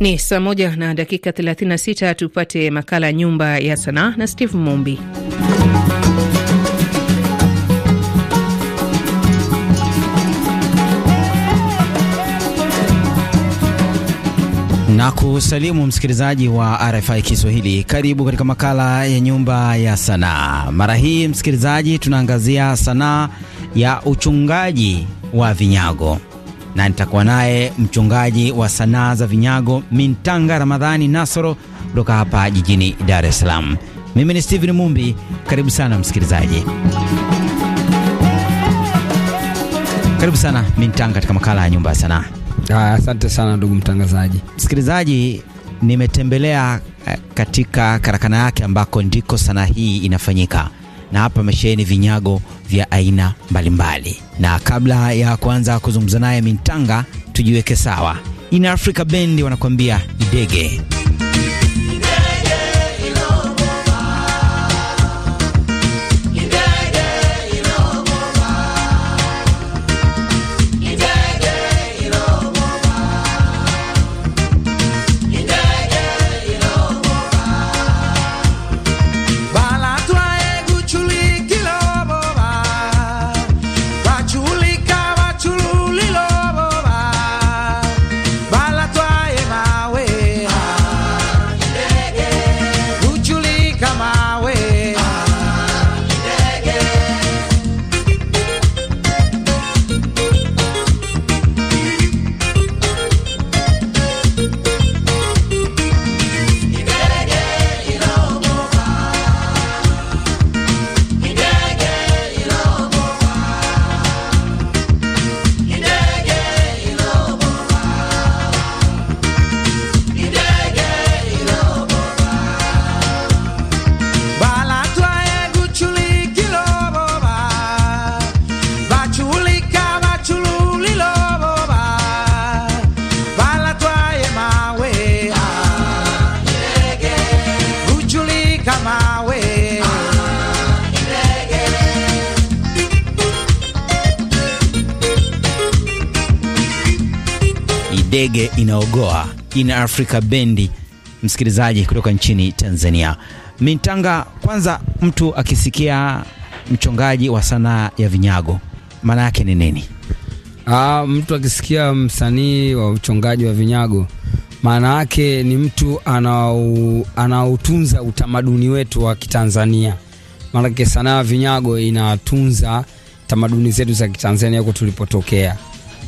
Ni saa moja na dakika 36. Tupate makala nyumba ya sanaa na Steve Mumbi. na kusalimu msikilizaji wa RFI Kiswahili. Karibu katika makala ya nyumba ya sanaa. Mara hii msikilizaji, tunaangazia sanaa ya uchungaji wa vinyago na nitakuwa naye mchungaji wa sanaa za vinyago Mintanga Ramadhani Nasoro kutoka hapa jijini Dar es Salaam. Mimi ni Steven Mumbi, karibu sana msikilizaji. Karibu sana Mintanga katika makala ya nyumba ya sanaa. Ah, asante sana ndugu mtangazaji. Msikilizaji, nimetembelea eh, katika karakana yake ambako ndiko sanaa hii inafanyika na hapa amesheheni vinyago vya aina mbalimbali. Na kabla ya kuanza kuzungumza naye Mintanga, tujiweke sawa. In Africa Bendi wanakuambia idege ndege inaogoa in Africa bendi, msikilizaji kutoka nchini Tanzania. mitanga kwanza mtu akisikia mchongaji wa sanaa ya vinyago maana yake ni nini? Aa, ah, mtu akisikia msanii wa uchongaji wa vinyago maana yake ni mtu anaotunza utamaduni wetu wa Kitanzania. Maanake sanaa ya vinyago inatunza tamaduni zetu za Kitanzania huko tulipotokea.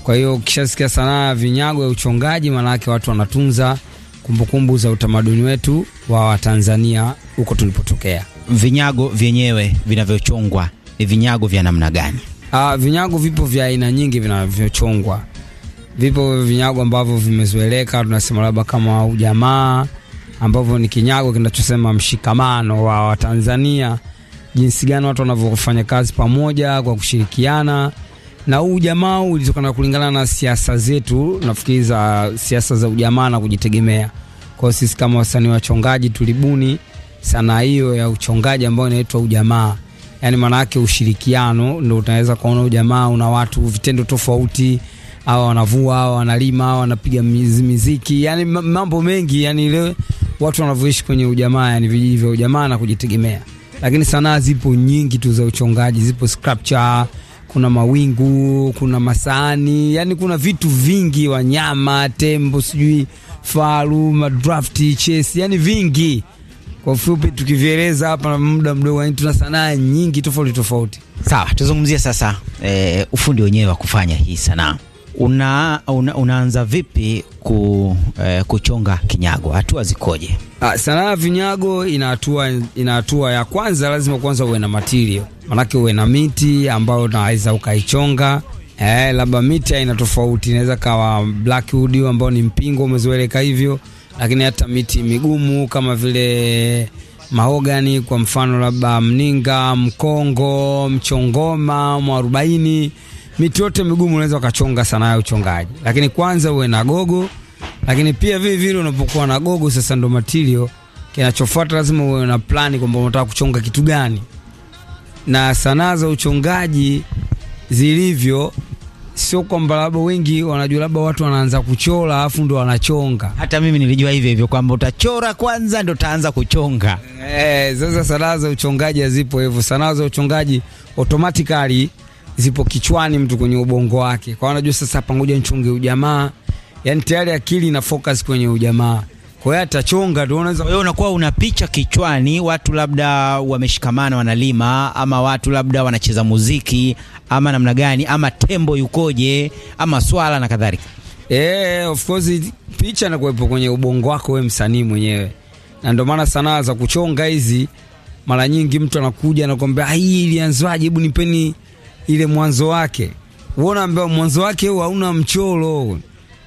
Kwa hiyo ukishasikia sanaa ya vinyago ya uchongaji, maanake watu wanatunza kumbukumbu za utamaduni wetu wa Watanzania huko tulipotokea. Vinyago vyenyewe vinavyochongwa ni vinyago vya namna gani? Ah, vinyago vipo vya aina nyingi vinavyochongwa. Vipo vinyago ambavyo vimezoeleka, tunasema labda kama ujamaa, ambavyo ni kinyago kinachosema mshikamano wa Watanzania, jinsi gani watu wanavyofanya kazi pamoja kwa kushirikiana na huu ujamaa ulitokana kulingana na siasa zetu, nafikiri za siasa za ujamaa na kujitegemea. Kwa hiyo sisi kama wasanii wachongaji tulibuni sanaa hiyo ya uchongaji ambayo inaitwa ujamaa, yaani maana yake ushirikiano. Ndio utaweza kuona ujamaa una watu vitendo tofauti, hawa wanavua, hawa wanalima, hawa wanapiga miziki, yani mambo mengi, yani ile watu wanavyoishi kwenye ujamaa, yani vijiji vya ujamaa na kujitegemea. Lakini sanaa zipo nyingi tu za uchongaji, zipo sculpture kuna mawingu, kuna masahani, yani kuna vitu vingi, wanyama, tembo, sijui faru, madraft, chesi, yani vingi. Kwa ufupi tukivieleza hapa muda mdogo, yani tuna sanaa nyingi tofauti tofauti. Sawa, tuzungumzie sasa e, ufundi wenyewe wa kufanya hii sanaa una, una, unaanza vipi ku, eh, kuchonga kinyago? Hatua zikoje? Ah, sanaa ya vinyago ina hatua ina hatua ya kwanza, lazima kwanza uwe na material, manake uwe na miti ambayo unaweza ukaichonga. Eh, labda miti aina tofauti inaweza kawa blackwood ambao ni mpingo umezoeleka hivyo, lakini hata miti migumu kama vile mahogani, kwa mfano labda mninga, mkongo, mchongoma, mwarubaini miti yote migumu unaweza ukachonga sanaa ya uchongaji, lakini kwanza uwe na gogo. Lakini pia vile vile unapokuwa na gogo sasa, ndo matirio kinachofuata, lazima uwe na plani kwamba unataka kuchonga kitu gani, na sanaa za uchongaji zilivyo sio kwamba labda wengi wanajua, labda watu wanaanza kuchora afu ndo wanachonga. Hata mimi nilijua hivyo hivyo kwamba utachora kwanza ndo utaanza kuchonga. Eh, sasa sanaa za uchongaji hazipo hivyo. Sanaa za uchongaji automatically zipo kichwani mtu kwenye ubongo wake. Kwa anajua sasa, pangoja nchunge ujamaa, yani tayari akili ina focus kwenye ujamaa. Kwa hiyo atachonga tu, unaweza wewe unakuwa una picha kichwani, watu labda wameshikamana wanalima, ama watu labda wanacheza muziki ama namna gani, ama tembo yukoje, ama swala na kadhalika. Yeah, of course picha inakuwepo kwenye ubongo wako wewe msanii mwenyewe, na ndio maana sanaa za kuchonga hizi mara nyingi mtu anakuja anakuambia, hii ilianzwaje? Hebu nipeni ile mwanzo wake, uona ambao mwanzo wake huu hauna mchoro,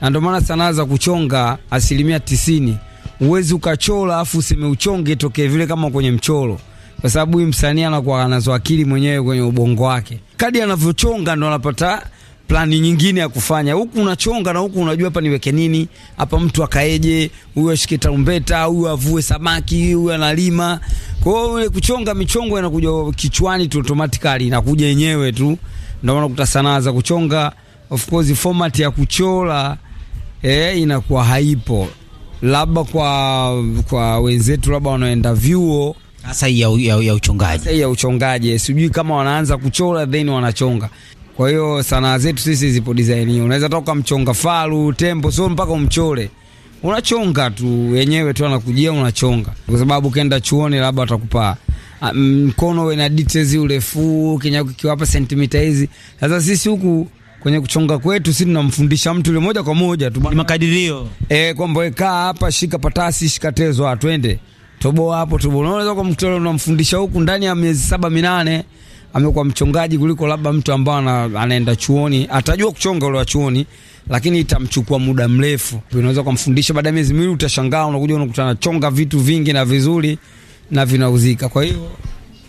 na ndio maana sanaa za kuchonga asilimia tisini uwezi ukachora afu useme uchonge tokee vile kama kwenye mchoro, kwa sababu huyu msanii anakuwa anazo akili mwenyewe kwenye ubongo wake, kadi anavyochonga ndo anapata plani nyingine ya kufanya. Huku unachonga na huku unajua hapa niweke nini, hapa mtu akaeje, huyu ashike tarumbeta, huyu avue samaki, huyu analima. Kwa hiyo kuchonga michongo inakuja kichwani tu automatically, inakuja yenyewe tu. Ndio maana kuta sanaa za kuchonga, of course format ya kuchora eh, inakuwa haipo, labda kwa kwa wenzetu labda wanaenda vyuo sasa ya, ya, uchongaji sasa ya uchongaji, sijui kama wanaanza kuchora then wanachonga kwa hiyo sanaa zetu sisi zipo design. Unaweza toka mchonga faru, tembo, sio mpaka umchore. Unachonga tu wenyewe tu anakujia unachonga. Kwa sababu ukienda chuoni labda atakupa ah, mkono wewe na details urefu, kinyako kiwapa sentimita hizi. Sasa sisi huku kwenye kuchonga kwetu si tunamfundisha mtu yule moja kwa moja tu makadirio eh, kwamba wewe kaa hapa, shika patasi, shika tezo, ah, twende toboa hapo, toboa. Unaweza kumtoa, unamfundisha huku ndani ya miezi saba minane amekuwa mchongaji kuliko labda mtu ambaye anaenda chuoni. Atajua kuchonga ule wa chuoni, lakini itamchukua muda mrefu. Unaweza kumfundisha baada ya miezi miwili, utashangaa unakuja unakutana anachonga vitu vingi na vizuri na vinauzika. Kwa hiyo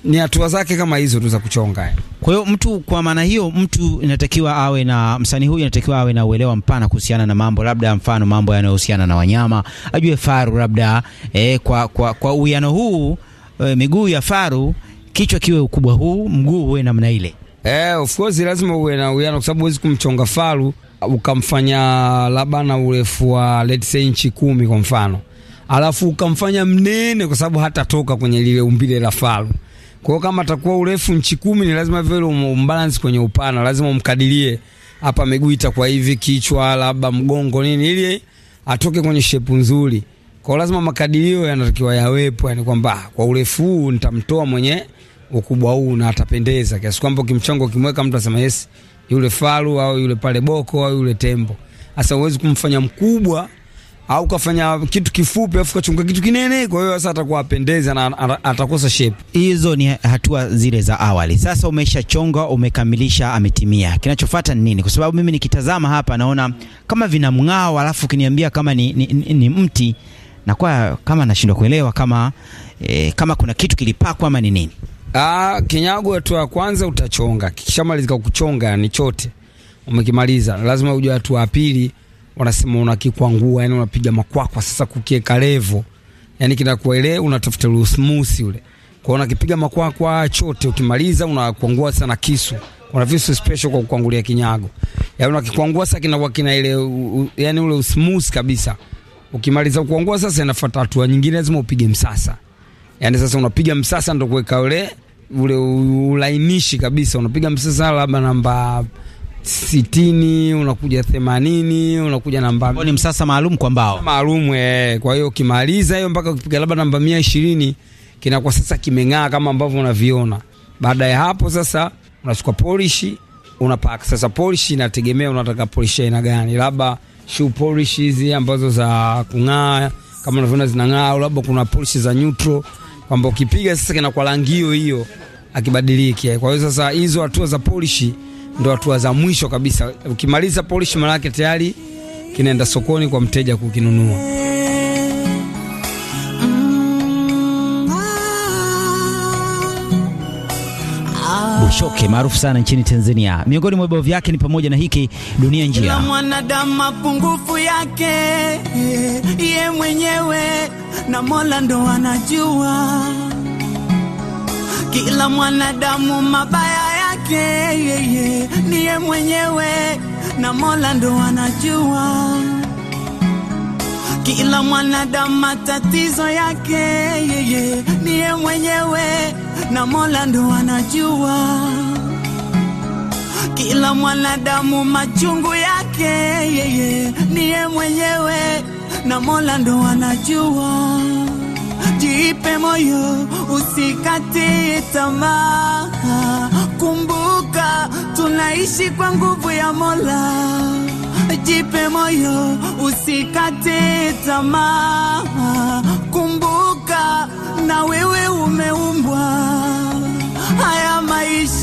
ni hatua zake kama hizo tu za kuchonga. Kwa hiyo mtu, kwa maana hiyo, mtu inatakiwa awe na msanii huyu inatakiwa awe na uelewa mpana kuhusiana na mambo, labda mfano mambo yanayohusiana na wanyama, ajue faru labda eh, kwa kwa kwa uwiano huu eh, miguu ya faru kichwa kiwe ukubwa huu, mguu uwe namna ile. Eh, of course lazima uwe na uwiano, kwa sababu huwezi kumchonga faru ukamfanya labda na urefu wa let's say inchi kumi kwa mfano, alafu ukamfanya mnene, kwa sababu hata toka kwenye lile umbile la faru. Kwa hiyo kama atakuwa urefu inchi kumi, ni lazima vile um, umbalance kwenye upana, lazima umkadirie hapa miguu itakuwa hivi, kichwa labda mgongo nini, ili atoke kwenye shepu nzuri. Kwa lazima makadirio yanatakiwa yawepo, yani kwamba kwa urefu huu nitamtoa mwenye ukubwa huu na atapendeza, kiasi kwamba kimchongo kimweka mtu asema yes, yule faru au yule pale boko au yule tembo. Sasa uwezi kumfanya mkubwa au kafanya kitu kifupi afu kachunga kitu kinene, kwa hiyo sasa atakuwa apendeza na atakosa shape. Hizo ni hatua zile za awali. Sasa umeshachonga, umekamilisha, ametimia. Kinachofuata ni nini? Kwa sababu mimi nikitazama hapa naona kama vina mng'ao, alafu kiniambia kama ni, ni, ni, ni mti na kwa kama nashindwa kuelewa kama e, kama kuna kitu kilipakwa ama ni nini. Ah, kinyago hatua ya kwanza utachonga, kishamalizika kuchonga ni chote umekimaliza, lazima uje hatua ya pili, wanasema unakikwangua, yani unapiga makwakwa sasa kukieka levo, yani kinakuwa ile unatafuta lusmusi ule kwa unakipiga makwakwa chote, ukimaliza unakwangua sana kisu. Kuna visu special kwa kukwangulia kinyago, yani unakikwangua sasa kinakuwa kina ile yani ule usmusi kabisa Ukimaliza kuangua sasa, inafuata hatua nyingine, lazima upige msasa. Yani sasa unapiga msasa ndo kuweka ule ule ulainishi kabisa, unapiga msasa labda namba sitini unakuja themanini unakuja namba ni msasa maalum kwa mbao maalum eh. Kwa hiyo ukimaliza hiyo mpaka ukipiga labda namba mia ishirini kinakuwa sasa kimeng'aa kama ambavyo unaviona. Baada ya hapo sasa unachukua polishi unapaka. Sasa polishi inategemea unataka polishi aina gani, labda shoe polish hizi ambazo za kung'aa kama unavyoona zinang'aa, au labda kuna polish za neutral kwamba ukipiga sasa kinakuwa rangi hiyo hiyo, akibadiliki. Kwa hiyo sasa hizo hatua za polish ndo hatua za mwisho kabisa. Ukimaliza polish, maana yake tayari kinaenda sokoni kwa mteja kukinunua. Bushoke maarufu sana nchini Tanzania. Miongoni mwa vibao vyake ni pamoja na hiki Dunia Njia. Kila mwanadamu mapungufu yake ye mwenyewe na Mola ndo anajua. Kila mwanadamu mabaya yake yeye ni ye mwenyewe na Mola ndo anajua. Kila mwanadamu matatizo yake yeye ni ye mwenyewe na Mola ndo anajua kila mwanadamu machungu yake, yeye niye mwenyewe na Mola ndo anajua. Jipe moyo, usikati tamaa, kumbuka tunaishi kwa nguvu ya Mola. Jipe moyo, usikati tamaa, kumbuka na wewe umeumbwa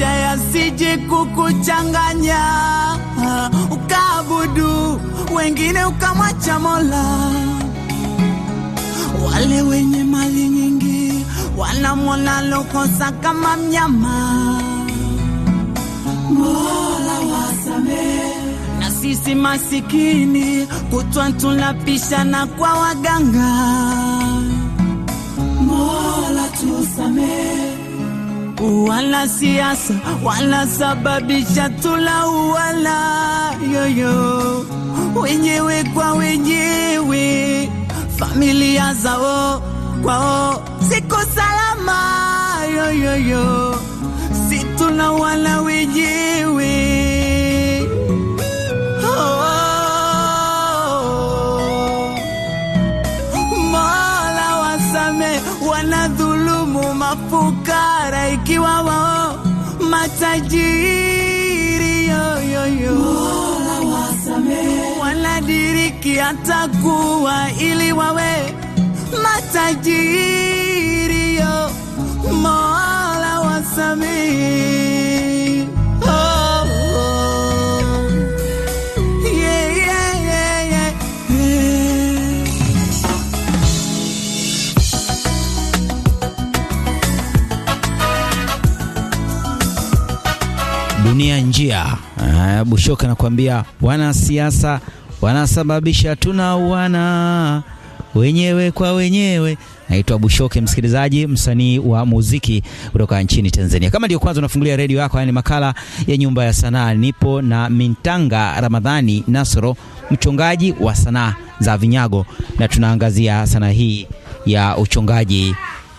maisha yasije kukuchanganya, ukaabudu wengine ukamwacha Mola. Wale wenye mali nyingi wanamwona lokosa kama mnyama. Mola wasame, Na sisi masikini kutwa na kwa waganga. Mola tusamee wala siasa wala sababisha tula wala yoyo, wenyewe kwa wenyewe, familia zao kwao siko salama yoyoyo, si tuna wala wenyewe alfajiri yoyoyo, Mola wasamehe, wanadiriki atakuwa ili wawe matajiri yo, Mola wasamehe kutumia njia. Ah, Bushoka nakwambia wanasiasa wanasababisha tunauana wenyewe kwa wenyewe. Naitwa Bushoke, msikilizaji, msanii wa muziki kutoka nchini Tanzania. Kama ndio kwanza unafungulia redio yako, yani makala ya Nyumba ya Sanaa, nipo na Mintanga Ramadhani Nasoro, mchongaji wa sanaa za vinyago, na tunaangazia sanaa hii ya uchongaji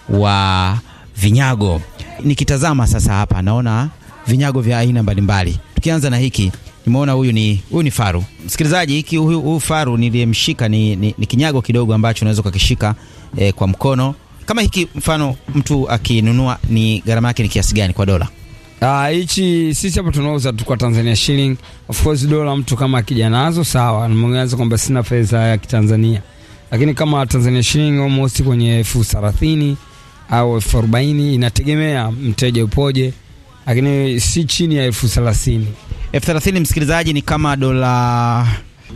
wa vinyago. Nikitazama sasa hapa naona vinyago vya aina mbalimbali. Tukianza na hiki nimeona huyu ni huyu ni faru. Msikilizaji, hiki huyu faru niliyemshika ni, ni, ni kinyago kidogo ambacho unaweza ukakishika eh, kwa mkono kama hiki. Mfano mtu akinunua ni gharama yake ni kiasi gani kwa dola? Ah, hichi uh, sisi hapa tunauza tu kwa Tanzania shilling. Of course dola mtu kama akija nazo sawa, nimeanza kwamba sina fedha ya Kitanzania, lakini kama Tanzania shilling almost kwenye elfu thelathini au elfu arobaini inategemea mteja upoje lakini si chini ya elfu thelathini. Elfu thelathini msikilizaji, ni kama dola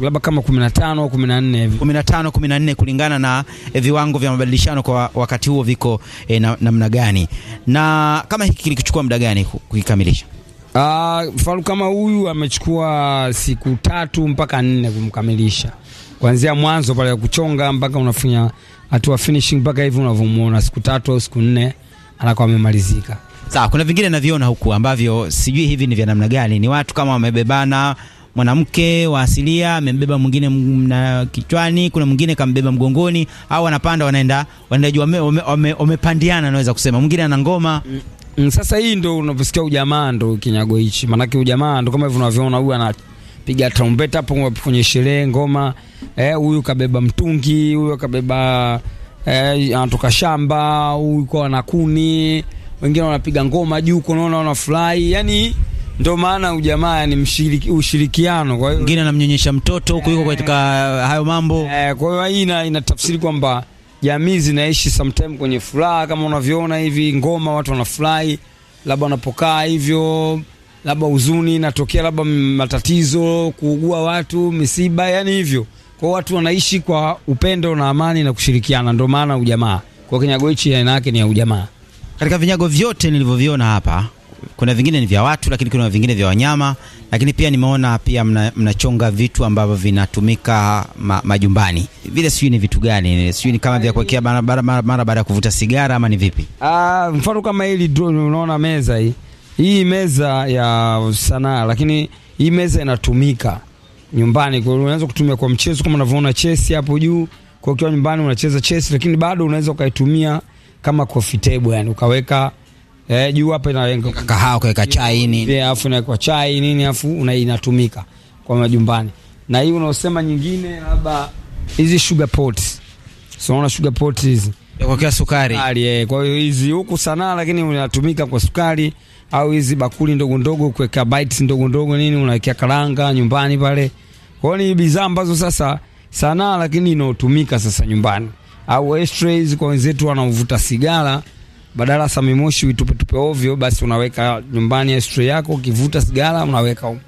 labda kama 15 14 15 kulingana na eh, viwango vya mabadilishano kwa wakati huo viko eh, namna na gani, na kama hiki kilichukua muda gani kukikamilisha? Uh, ah, faru kama huyu amechukua siku tatu mpaka nne kumkamilisha, kuanzia mwanzo pale ya kuchonga mpaka unafanya hatua finishing mpaka hivi unavyomuona, siku tatu au siku nne anakuwa amemalizika. Sawa, kuna vingine naviona huku ambavyo sijui hivi ni vya namna gani, ni watu kama wamebebana mwanamke wa asilia amembeba mwingine na kichwani, kuna mwingine kambeba mgongoni, au wanapanda wanaenda wanaenda juu, wamepandiana wame, naweza kusema mwingine ana ngoma mm. Mm, sasa hii ndo unavyosikia ujamaa ndo kinyago hichi, maanake ujamaa ndo kama hivyo unavyoona, huyu anapiga tarumbeta hapo kwenye sherehe ngoma, eh, huyu kabeba mtungi, huyu kabeba eh, anatoka shamba, huyu kwa na kuni wengine wanapiga ngoma juu huko, unaona wanafurahi, yani ndo maana ujamaa ni yaani mshiriki, ushirikiano. Kwa hiyo wengine anamnyonyesha mtoto huko yuko katika hayo mambo eh. Kwa hiyo hii ina, inatafsiri kwamba jamii zinaishi sometime kwenye furaha, kama unavyoona hivi ngoma, watu wanafurahi, labda wanapokaa hivyo, labda huzuni inatokea, labda matatizo, kuugua watu, misiba, yani hivyo. Kwa watu wanaishi kwa upendo na amani na kushirikiana, ndio maana ujamaa. Kwa Kinyagoichi yanake ni ya ujamaa katika vinyago vyote nilivyoviona hapa, kuna vingine ni vya watu, lakini kuna vingine vya wanyama, lakini pia nimeona pia mnachonga mna vitu ambavyo vinatumika ma, majumbani vile, sijui ni vitu gani, sijui ni kama vya kuwekea mara baada ya kuvuta sigara ama ni vipi? Ah, mfano kama hili unaona meza hii hii meza ya sanaa, lakini hii meza inatumika nyumbani, unaweza kutumia kwa mchezo kama unavyoona chesi hapo juu, kwa ukiwa nyumbani unacheza chesi, lakini bado unaweza ukaitumia kama coffee table yani, ukaweka eh, juu hapa inalenga kahawa, kaweka chai nini, yeah, afu inawekwa chai nini, afu inatumika kwa majumbani. Na hii unaosema nyingine, labda hizi sugar pots, so unaona sugar pots hizi ya kuwekea sukari eh, kwa hiyo hizi huku sanaa, lakini unatumika kwa sukari au hizi bakuli ndogo ndogo kuweka bites ndogo ndogo nini, unawekea karanga nyumbani pale. Kwa hiyo ni bidhaa ambazo sasa sanaa, lakini inaotumika sasa nyumbani au ashtrays kwa wenzetu wanaovuta sigara, badala sami moshi itupe ovyo, basi unaweka nyumbani ashtray yako, ukivuta sigara unaweka um.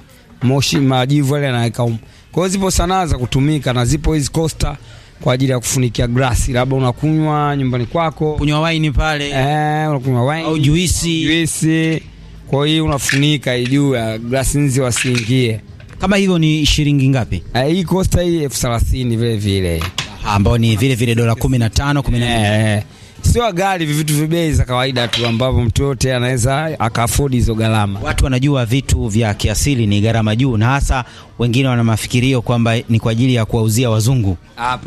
moshi majivu yale yanaweka um. Kwa hiyo zipo sanaa za kutumika na zipo hizi costa kwa ajili ya kufunikia glasi, labda unakunywa nyumbani kwako, kunywa wine pale eh, unakunywa wine au juisi juisi, kwa hiyo unafunika juu ya glasi nzi wasiingie. Kama hivyo ni shilingi ngapi? Eh, hii coaster hii elfu thelathini vile vile ambao ni vile vile dola 15 na tano eh, eh. sio gari, vitu vibei za kawaida tu ambavyo mtu yote anaweza akaafford hizo gharama. Watu wanajua vitu vya kiasili ni gharama juu, na hasa wengine wana mafikirio kwamba ni kwa ajili ya kuwauzia wazungu,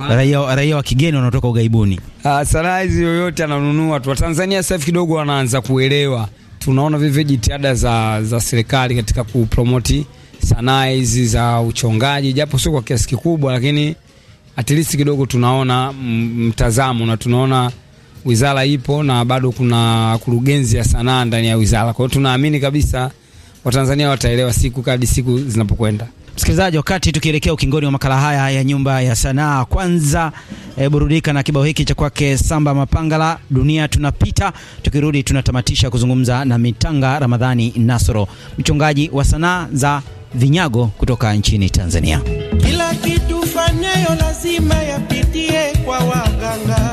raia raia wa kigeni wanaotoka ugaibuni. Ah, Sanaa hizi yoyote ananunua tu. Tanzania sasa kidogo wanaanza kuelewa, tunaona vivyo jitihada za, za serikali katika kupromoti sanaa hizi za uchongaji, japo sio kwa kiasi kikubwa, lakini at least kidogo tunaona mtazamo na tunaona wizara ipo na bado kuna kurugenzi ya sanaa ndani ya wizara. Kwa hiyo tunaamini kabisa Watanzania wataelewa siku kadi siku zinapokwenda. Msikilizaji, wakati tukielekea ukingoni wa makala haya ya nyumba ya sanaa, kwanza e, burudika na kibao hiki cha kwake Samba Mapangala, dunia tunapita. Tukirudi tunatamatisha kuzungumza na Mitanga Ramadhani Nasoro, mchongaji wa sanaa za vinyago kutoka nchini Tanzania. Kila kitu yafanyayo lazima yapitie kwa waganga.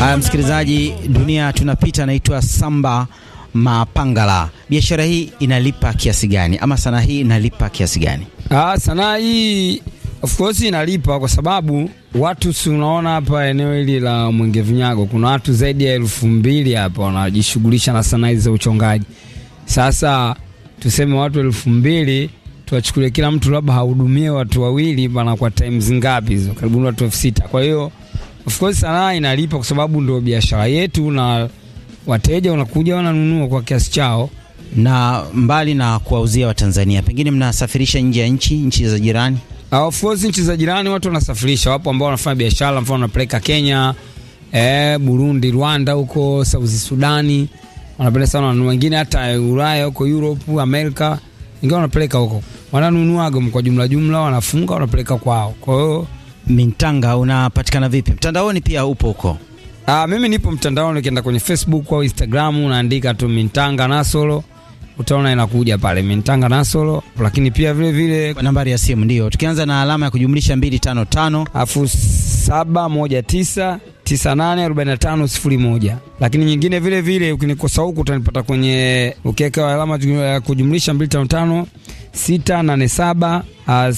Haya, msikilizaji, dunia tunapita, naitwa Samba Mapangala. Biashara hii inalipa kiasi gani, ama sanaa hii inalipa kiasi gani? Ah, sanaa hii of course inalipa kwa sababu watu, si unaona hapa eneo hili la Mwenge Vinyago kuna watu zaidi ya elfu mbili hapa wanajishughulisha na sanaa hizi za uchongaji. Sasa tuseme watu elfu mbili tuwachukulie, kila mtu labda hahudumie watu wawili, bana, kwa times ngapi hizo? Karibuni watu elfu sita. Kwa hiyo Of course sanaa inalipa kwa sababu ndio biashara yetu, na wateja wanakuja wananunua kwa kiasi chao. Na mbali na kuwauzia Watanzania, pengine mnasafirisha nje ya nchi, nchi za jirani? Ah, of course nchi za jirani watu wanasafirisha, wapo ambao wanafanya biashara, mfano wanapeleka Kenya, eh, Burundi, Rwanda, huko South Sudani wanapeleka sana, wengine hata Ulaya huko Europe, Amerika, ingawa wanapeleka huko, wananunuaga kwa jumla jumla, wanafunga wanapeleka kwao, kwa hiyo Mintanga unapatikana vipi mtandaoni? Pia upo huko? Ah, mimi nipo mtandaoni, ukienda kwenye Facebook au Instagram unaandika tu Mintanga Nasolo utaona inakuja pale Mintanga Nasolo, lakini pia vile vile nambari ya simu ndio tukianza na alama ya kujumlisha 255 alafu 719 984501. Lakini nyingine vile vile ukinikosa huku utanipata kwenye ukiweka alama ya eh, kujumlisha 255 687 34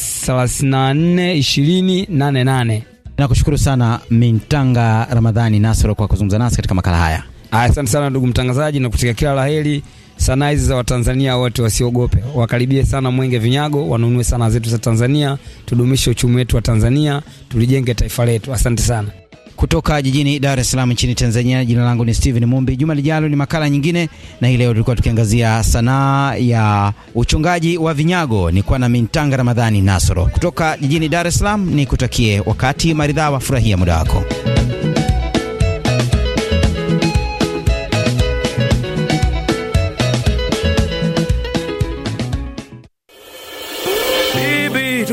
2088. Nakushukuru sana Mintanga Ramadhani Nasoro kwa kuzungumza nasi katika makala haya. Asante sana ndugu mtangazaji, na kutakia kila la heri. Sanaa hizi za Watanzania wote wasiogope, wakaribie sana Mwenge Vinyago, wanunue sanaa zetu za Tanzania, tudumishe uchumi wetu wa Tanzania, tulijenge taifa letu. Asante sana kutoka jijini Dar es Salaam nchini Tanzania. Jina langu ni Steven Mumbi. Juma lijalo ni makala nyingine, na hii leo tulikuwa tukiangazia sanaa ya uchongaji wa vinyago. Nilikuwa na Mintanga Ramadhani Nasoro kutoka jijini Dar es Salaam. kutakie wakati maridhawa, furahia muda wako.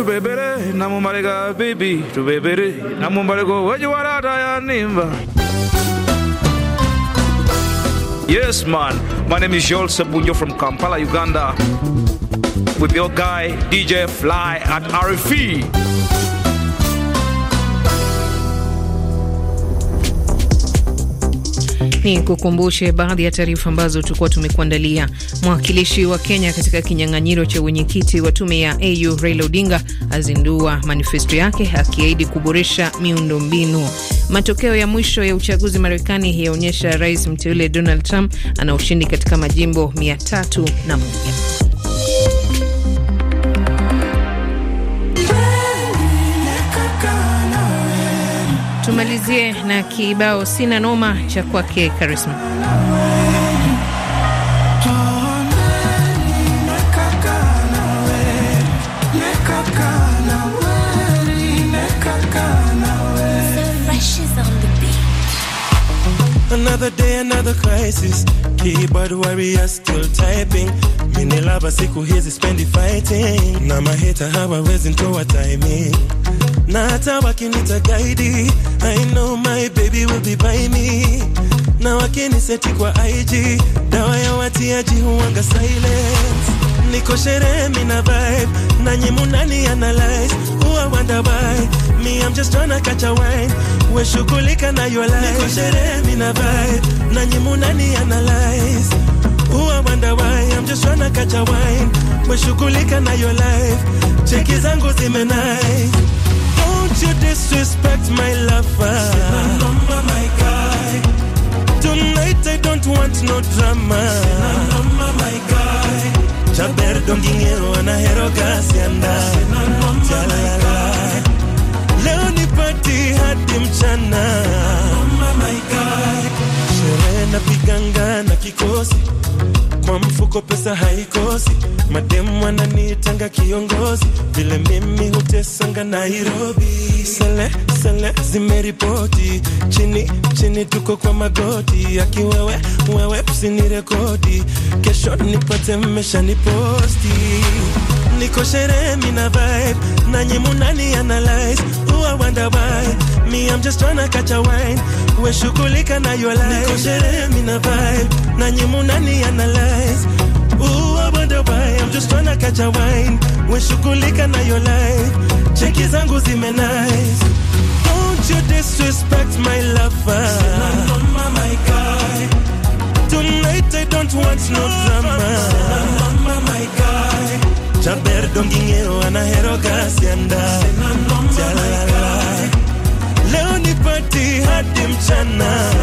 tubebere bibi tubebere Yes, man. My name is Joel Sebunyo from Kampala, Uganda. With your guy, DJ Fly at RFE. Ni kukumbushe baadhi ya taarifa ambazo tulikuwa tumekuandalia. Mwakilishi wa Kenya katika kinyang'anyiro cha wenyekiti wa tume ya AU Raila Odinga azindua manifesto yake akiahidi kuboresha miundombinu. Matokeo ya mwisho ya uchaguzi Marekani yaonyesha rais mteule Donald Trump ana ushindi katika majimbo 301. Tumalizie na kibao sina noma cha kwake Karisma. Another day, another crisis. Keyboard warrior still typing. siku hizi spendi fighting. Na timing na hata wakinitagaidi I know my baby will be by me, na wakiniseti kwa IG dawa ya watiaji huanga silence. Niko sherehe mina vibe nanyi munani analyze huwa wonder why me I'm just tryna catch a wine we shughulika na your life. Niko sherehe mina vibe nanyi munani analyze huwa wonder why I'm just tryna catch a wine we shughulika na your life. Cheki zangu zimenai Don't you disrespect my lover. Say my guy. Tonight I don't want no drama. Say my guy. Chaber dongingero anahero gasianda. Say my number, my guy. Leo ni party hadi mchana. Say my number, my guy. Sherehe napiganga na kikosi kwa mfuko pesa haikosi, mademu wananitanga kiongozi, vile mimi hutesanga Nairobi. Sele sele zimeripoti chini chini, tuko kwa magoti, akiwewe wewe usinirekodi, kesho nipate mmesha niposti niko sherehe mina vibe nanyi munani analyze uwa wonder why Me, I'm just tryna catch a wine. We shughulika na your life. Niko sherehe mina vibe. Na nyi munani analyze. Ooh, I wonder why. I'm just tryna catch a wine. We shughulika na your life. Cheki zangu zime nice. Don't you disrespect my lover. No, no, my guy. Tonight I don't want no drama. No, no, my guy. Chaber dongingeyo anaheroka. mchana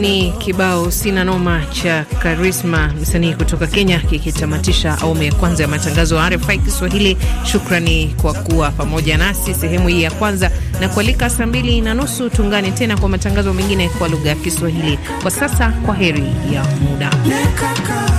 ni kibao sina noma cha Karisma, msanii kutoka Kenya, kikitamatisha awamu ya kwanza ya matangazo ya RFI Kiswahili. Shukrani kwa kuwa pamoja nasi sehemu hii ya kwanza, na kualika saa mbili na nusu tungane tena kwa matangazo mengine kwa lugha ya Kiswahili. Kwa sasa, kwa heri ya muda.